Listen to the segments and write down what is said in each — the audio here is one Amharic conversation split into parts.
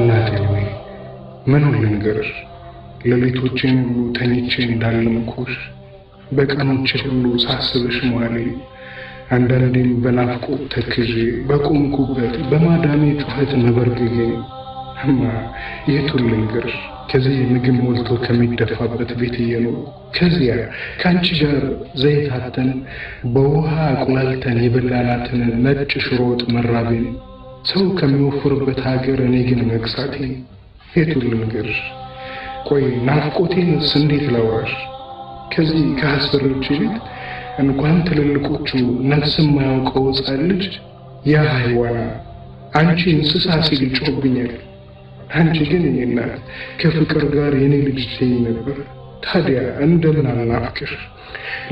እናቴ ወይ ምኑን ልንገርሽ? ሌሊቶቼን ሁሉ ተኝቼ እንዳለምኩሽ በቀኖቼ ሁሉ ሳስብሽ መዋሌ አንዳንዴም በናፍቆት ተክዤ በቆምኩበት በማዳሜ ጩኸት መበርግጌ እማ የቱን ልንገርሽ? ከዚህ ምግብ ሞልቶ ከሚደፋበት ቤት እየኖሩ ከዚያ ከአንቺ ጋር ዘይታተን በውሃ አቁላልተን የበላናትን ነጭ ሽሮ ወጥ መራቤን ሰው ከሚወፍርበት ሀገር እኔ ግን መግሳቴ የቱን ልንገርሽ? ቆይ ናፍቆቴን እንዴት ላውራሽ? ከዚህ ከአስፈሪዎች ቤት እንኳን ትልልቆቹ ነፍስ የማያውቀው ሕፃን ልጅ ያ ሃይዋና አንቺ እንስሳ ሲል አንቺ ግን የኔ እናት ከፍቅር ጋር የኔ ልጅ ትይኝ ነበር። ታዲያ እንደምን አልናፍቅሽ?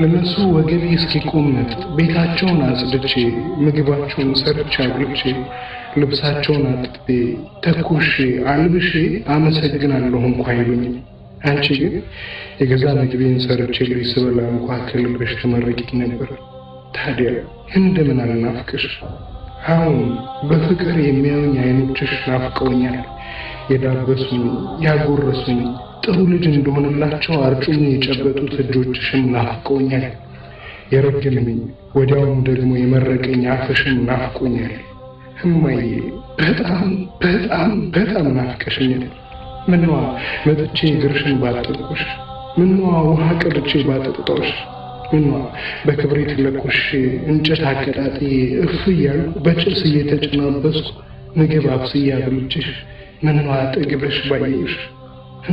ለነሱ ወገቤ እስኪቆምጥ ቤታቸውን አጽድቼ ምግባቸውን ሰርቼ አብልቼ ልብሳቸውን አጥቤ ተኩሼ አልብሼ አመሰግናለሁ እንኳ ይሉኝ። አንቺ ግን የገዛ ምግቤን ሰርቼ ልጅ ስበላ እንኳ ከልብሽ ትመረቂኝ ነበር። ታዲያ እንደምን አልናፍቅሽ? አሁን በፍቅር የሚያዩኝ አይኖችሽ ናፍቀውኛል። የዳበሱ ያጎረሱኝ ጥሩ ልጅ እንደሆነላቸው አርጩኝ የጨበጡት እጆችሽን ናፍቆኛል። የረገመኝ ወዲያውም ደግሞ የመረቀኝ አፍሽን ናፍቆኛል። እማዬ በጣም በጣም በጣም ናፍቀሽኛል። ምንዋ መጥቼ እግርሽን ባጠልቁሽ፣ ምንዋ ውሃ ቀድቼ ባጠጣሁሽ፣ ምንዋ በክብሬ ለኩሽ እንጨት አቀጣጤ እፍ እያልኩ በጭስ እየተጨናበስኩ ምግብ አብስያ ብልጭሽ ምንም አጠግበሽ ባየሽ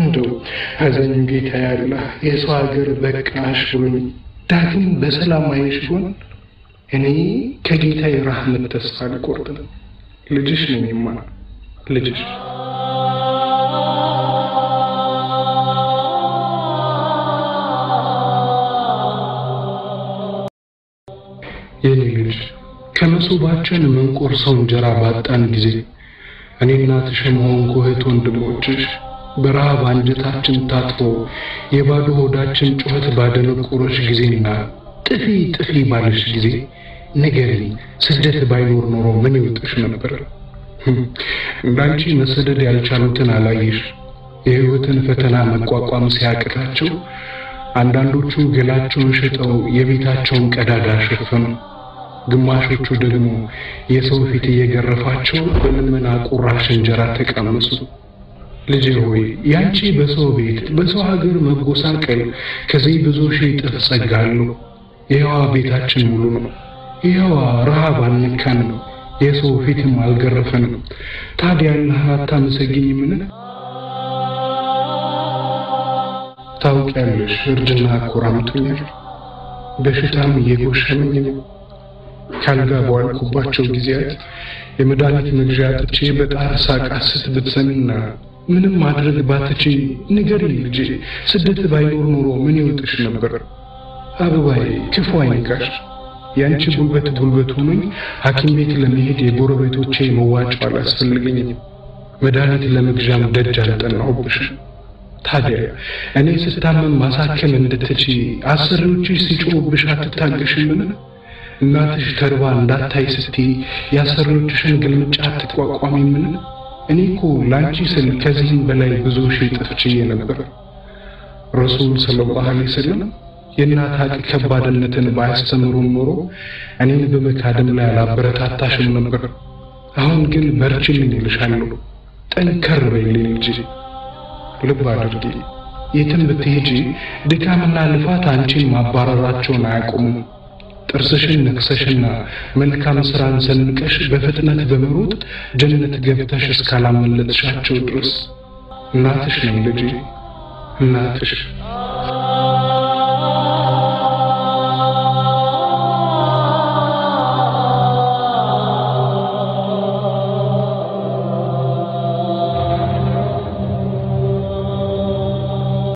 እንደው ሐዘን ጌታ ያላ የሰው ሀገር በቃሽ ሆኝ ዳግም በሰላም አይሽ ሆን እኔ ከጌታ የራህመት ተስፋ አልቆርጥም። ልጅሽ ነኝማ ልጅሽ የኔ ልጅ ከመሶባችን የምንቆርሰው እንጀራ ባጣን ጊዜ እኔ እናትሽም ሆንኩ እህት ወንድሞችሽ በረሃብ አንጀታችን ታጥፎ የባዶ ሆዳችን ጩኸት ባደነቆረሽ ጊዜና ጥፊ ጥፊ ባለሽ ጊዜ ንገሪኝ፣ ስደት ባይኖር ኖሮ ምን ይውጥሽ ነበር? እንዳንቺ መሰደድ ያልቻሉትን አላየሽ። የሕይወትን ፈተና መቋቋም ሲያቅታቸው አንዳንዶቹ ገላቸውን ሽጠው የቤታቸውን ቀዳዳ ሸፈኑ። ግማሾቹ ደግሞ የሰው ፊት እየገረፋቸው በልመና ቁራሽ እንጀራ ተቀመሱ። ልጄ ሆይ ያንቺ በሰው ቤት በሰው ሀገር መጎሳቀል ከዚህ ብዙ ሺህ እጥፍ ጸጋ አለው። ይኸዋ ቤታችን ሙሉ ነው። ይኸዋ ረሃብ አልነካንም፣ የሰው ፊትም አልገረፈንም። ታዲያ አላህ አታመሰግኝምን? ታውቂያለሽ፣ እርጅና አኮራምቶኛል፣ በሽታም እየጎሸመኝ ነው። ካልጋ በዋልኩባቸው ጊዜያት የመድኃኒት መግዣ ጥቼ በጣር ሳቃስት ብትሰሚና ምንም ማድረግ ባትቼ ንገሪ ልጄ፣ ስደት ባይኖር ኑሮ ምን ይወጥሽ ነበር? አበባዬ ክፉ አይንካሽ። ያንቺ ጉልበት ጉልበት ሆኖኝ ሐኪም ቤት ለመሄድ የጎረቤቶቼ መዋጮ አላስፈልገኝም። መድኃኒት ለመግዣም ደጅ አልጠናሁብሽ። ታዲያ እኔ ስታመም ማሳከም እንድትች አሰሪዎችሽ ሲጮውብሽ አትታገሽምን? እናትሽ ተርባ እንዳታይ ስትይ የአሰሪዎችሽን ግልምጫ ምን? እኔ እኮ ላንቺ ስል ከዚህም በላይ ብዙ ሺህ እጥፍ ነበር። ረሱል ሰለላሁ ዐለይሂ ወሰለም የእናት ሀቅ ከባድነትን ባያስተምሩን ኖሮ እኔን በመካደም ላይ አላበረታታሽም ነበር። አሁን ግን በርችልኝ እልሻለሁ። ጠንከር በይልኝ እንጂ ልብ አድርጊ። የትም ብትሄጂ ድካምና ልፋት አንቺን ማባረራቸውን አያቆሙም። ጥርስሽን ነክሰሽና መልካም ስራን ሰንቀሽ በፍጥነት በመሮጥ ጀነት ገብተሽ እስካላመለጥሻቸው ድረስ እናትሽ ነኝ ልጅ እናትሽ